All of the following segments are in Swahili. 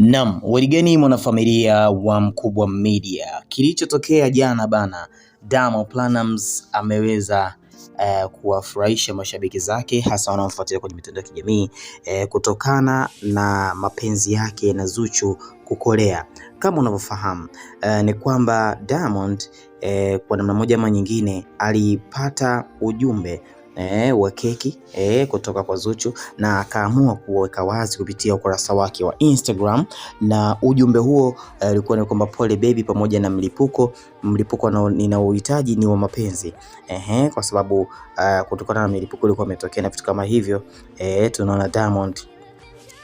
Naam, waligani mwanafamilia wa Mkubwa Media, kilichotokea jana bana, Diamond Platnumz ameweza eh, kuwafurahisha mashabiki zake hasa wanaomfuatilia kwenye mitandao ya kijamii eh, kutokana na mapenzi yake na Zuchu kukolea. Kama unavyofahamu eh, ni kwamba Diamond eh, kwa namna moja ama nyingine alipata ujumbe Eh, e, wa keki e, kutoka kwa Zuchu na akaamua kuweka wazi kupitia ukurasa wake wa Instagram, na ujumbe huo eh, ulikuwa e, ni kwamba pole baby pamoja na mlipuko mlipuko ninaohitaji ni wa mapenzi ehe, kwa sababu kutokana na milipuko ilikuwa umetokea na vitu kama hivyo e, tunaona Diamond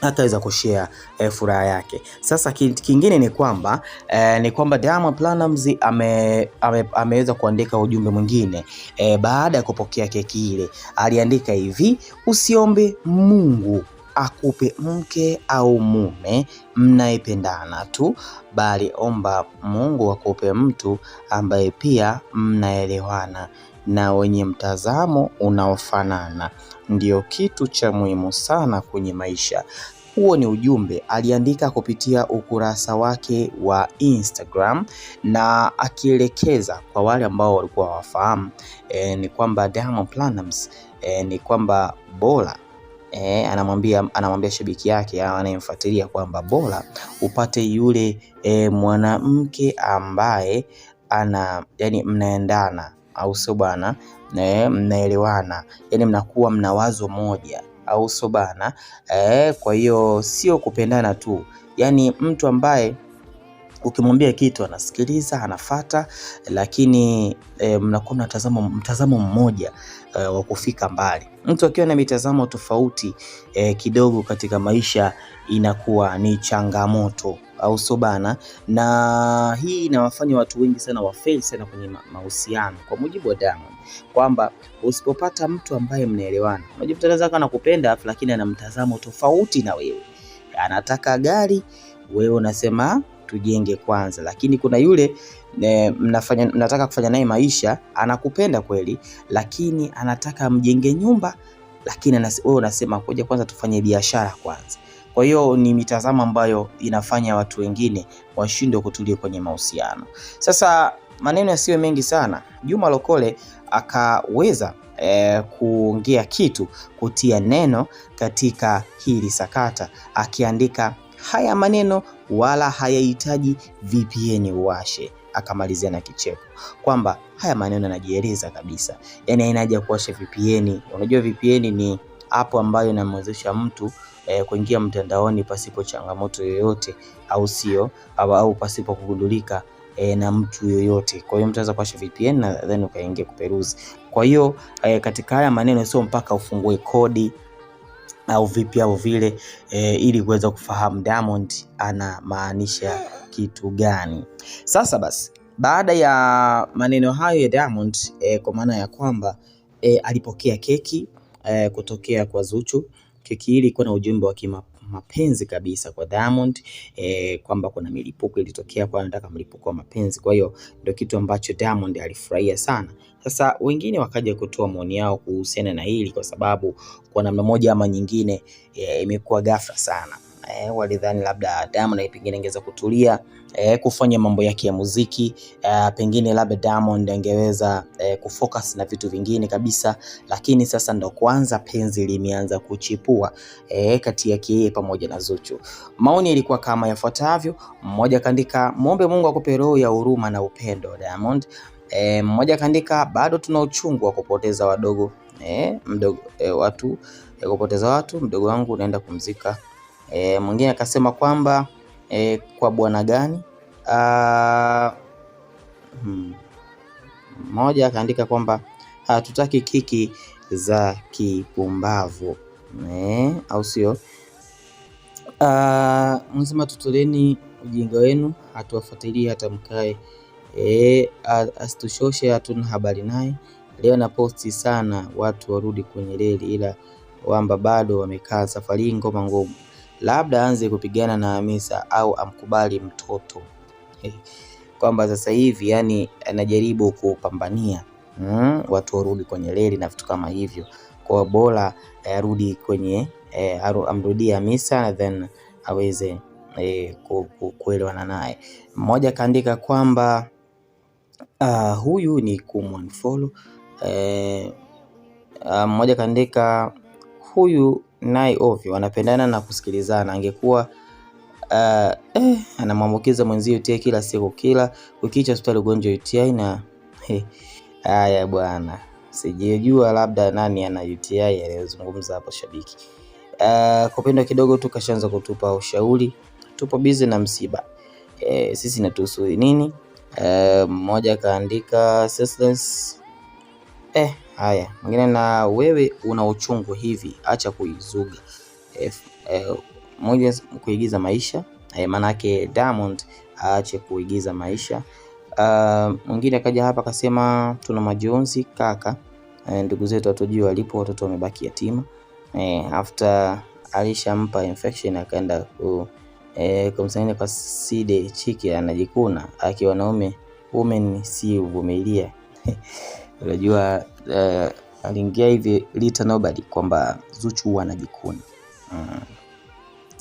hataweza kushare eh, furaha yake. Sasa kingine ni kwamba eh, ni kwamba Diamond Platnumz ame, ame, ameweza kuandika ujumbe mwingine eh, baada ya kupokea keki ile, aliandika hivi: usiombe Mungu akupe mke au mume mnayependana tu, bali omba Mungu akupe mtu ambaye pia mnaelewana na wenye mtazamo unaofanana. ndio kitu cha muhimu sana kwenye maisha. Huo ni ujumbe aliandika kupitia ukurasa wake wa Instagram na akielekeza kwa wale ambao walikuwa wafahamu e, ni kwamba Diamond Platnumz e, ni kwamba bora E, anamwambia anamwambia shabiki yake anayemfuatilia kwamba bora upate yule e, mwanamke ambaye ana yani mnaendana, au sio bwana? E, mnaelewana yani mnakuwa mna wazo moja auso bana eh, Kwa hiyo sio kupendana tu, yaani mtu ambaye ukimwambia kitu anasikiliza anafata, lakini e, mnakuwa mnatazama mtazamo mmoja e, wa kufika mbali. Mtu akiwa na mitazamo tofauti e, kidogo katika maisha inakuwa ni changamoto au sobana, na hii inawafanya watu wengi sana wafail sana kwenye mahusiano, kwa mujibu wa Diamond kwamba usipopata mtu ambaye mnaelewana, unajua kana kupenda anakupenda lakini ana mtazamo tofauti na wewe, anataka gari, wewe unasema tujenge kwanza, lakini kuna yule ne, mnafanya, mnataka kufanya naye maisha, anakupenda kweli, lakini anataka mjenge nyumba, lakini wewe unasema kuja kwanza tufanye biashara kwanza. Kwa hiyo ni mitazamo ambayo inafanya watu wengine washindwe kutulia kwenye mahusiano. Sasa maneno yasiyo mengi sana, Juma Lokole akaweza E, kuongea kitu kutia neno katika hili sakata, akiandika haya maneno wala hayahitaji VPN uwashe. Akamalizia na kicheko kwamba haya maneno yanajieleza kabisa, yani haina haja kuwasha VPN. Unajua VPN ni app ambayo inamwezesha mtu eh, kuingia mtandaoni pasipo changamoto yoyote, au sio, au, au pasipo kugundulika eh, na mtu yoyote. Kwa hiyo mtaweza kuwasha VPN na then ukaingia kuperuzi. Kwa hiyo eh, katika haya maneno sio mpaka ufungue kodi au vipi au vile eh, ili kuweza kufahamu Diamond anamaanisha kitu gani. Sasa basi, baada ya maneno hayo ya Diamond eh, kwa maana ya kwamba eh, alipokea keki eh, kutokea kwa Zuchu Keki hii ilikuwa na ujumbe wa kimapenzi kabisa kwa Diamond e, kwamba kuna milipuko ilitokea kwa anataka mlipuko wa mapenzi. Kwa hiyo ndio kitu ambacho Diamond alifurahia sana. Sasa wengine wakaja kutoa maoni yao kuhusiana na hili, kwa sababu kwa namna moja ama nyingine eh, imekuwa ghafla sana eh, walidhani labda Diamond pengine angeweza kutulia eh, kufanya mambo yake ya muziki eh, pengine labda Diamond angeweza eh, kufocus na vitu vingine kabisa, lakini sasa ndo kwanza penzi limeanza kuchipua eh, kati yake yeye pamoja na Zuchu. Maoni yalikuwa kama yafuatavyo. Mmoja kaandika, muombe Mungu akupe roho ya huruma na upendo Diamond. E, mmoja kaandika bado tuna uchungu wa kupoteza wadogo e, mdogo, e, watu e, kupoteza watu mdogo wangu unaenda kumzika E, mwingine akasema kwamba e, kwa bwana gani? Hmm, mmoja hmm, akaandika kwamba hatutaki kiki za kipumbavu e, au sio? Mzima tutoleni ujinga wenu, hatuwafuatilii hata mkae e, asitushoshe, hatuna habari naye. Leo na posti sana, watu warudi kwenye reli, ila wamba bado wamekaa. Safari ngoma ngumu labda aanze kupigana na Hamisa au amkubali mtoto eh, kwamba sasa hivi yani anajaribu kupambania mm, watu warudi kwenye reli na vitu kama hivyo, kwa bora eh, arudi kwenye eh, amrudie Hamisa na then aweze eh, kuelewana naye. Mmoja kaandika kwamba uh, huyu ni kumunfollow eh, ah, mmoja kaandika huyu naye ovyo, wanapendana na kusikilizana. Angekuwa uh, eh, anamwambukiza mwenzio UTI kila siku, kila ukicha hospitali ugonjwa UTI na eh, Haya bwana, sijejua labda nani ana UTI anayozungumza hapo shabiki. Uh, eh, kupendwa kidogo tu kashaanza kutupa ushauri, tupo bize na msiba eh, sisi natuhusu nini? Mmoja uh, kaandika eh Haya, mwingine, na wewe una uchungu hivi, acha kuizuga. E, eh, eh, moja kuigiza maisha e, manake Diamond aache kuigiza maisha. Ah, mwingine akaja hapa akasema tuna majonzi kaka, ndugu zetu hatujui walipo, watoto wamebaki yatima e, after alishampa infection akaenda ku eh, kumsaidia kwa side chiki anajikuna, akiwa naume women si uvumilia Unajua uh, aliingia hivi lita nobody kwamba Zuchu huwa anajikuna mm.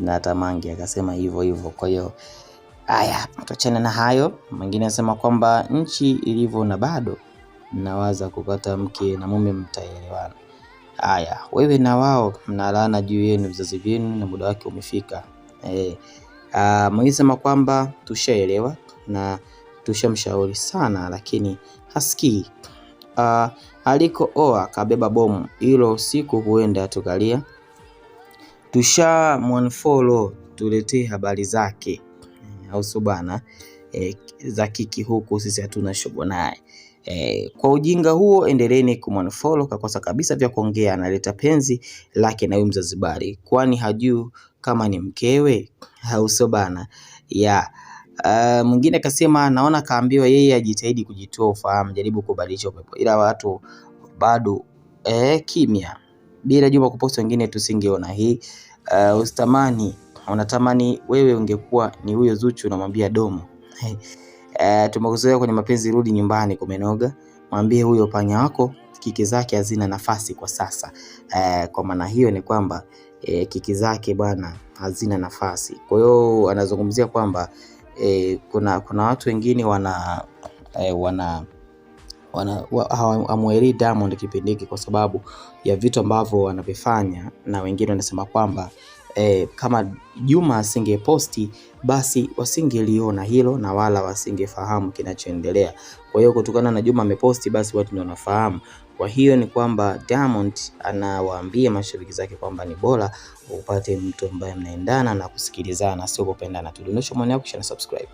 na hata mangi akasema hivyo hivyo. Kwa hiyo haya, tuachane na hayo. Mwingine anasema kwamba nchi ilivyo na bado nawaza kupata mke na mume mtaelewana. Haya, wewe na wao mnalana juu yenu vizazi vyenu, na muda wake umefika. E, eh, ah, mwisema kwamba tushaelewa na tushamshauri sana, lakini hasikii uh, ah, oa kabeba bomu, ilo siku huenda tukalia. Tusha mwanfolo tuletee habari zake eh, au bana? E, za kiki huku sisi hatuna shobo naye. E, kwa ujinga huo endeleeni kumwanfolo kakosa kabisa vya kuongea, analeta penzi lake na huyu kwani hajui kama ni mkewe au bana ya Uh, mwingine akasema naona kaambiwa yeye ajitahidi kujitoa ufahamu, jaribu kubadilisha upepo, ila watu bado eh, kimya. Bila Juma kuposti wengine tusingeona hii. Uh, usitamani unatamani wewe ungekuwa ni huyo Zuchu, unamwambia domo. Uh, tumekuzoea kwenye mapenzi, rudi nyumbani, kumenoga. Mwambie huyo panya wako kiki zake hazina nafasi kwa sasa. Uh, kwa maana hiyo ni kwamba uh, kiki zake bwana hazina nafasi. Kwa hiyo anazungumzia kwamba e, kuna, kuna watu wengine wana e, wana hamwelii Diamond kipindi hiki kwa sababu ya vitu ambavyo wanavifanya, na wengine wanasema kwamba eh, kama Juma asingeposti basi wasingeliona hilo na wala wasingefahamu kinachoendelea. Kwa hiyo kutokana na Juma ameposti, basi watu ndio wanafahamu. Kwa hiyo ni kwamba Diamond anawaambia mashabiki zake kwamba ni bora upate mtu ambaye mnaendana na kusikilizana, sio kupendana tu. Dondosha maoni yako kisha subscribe.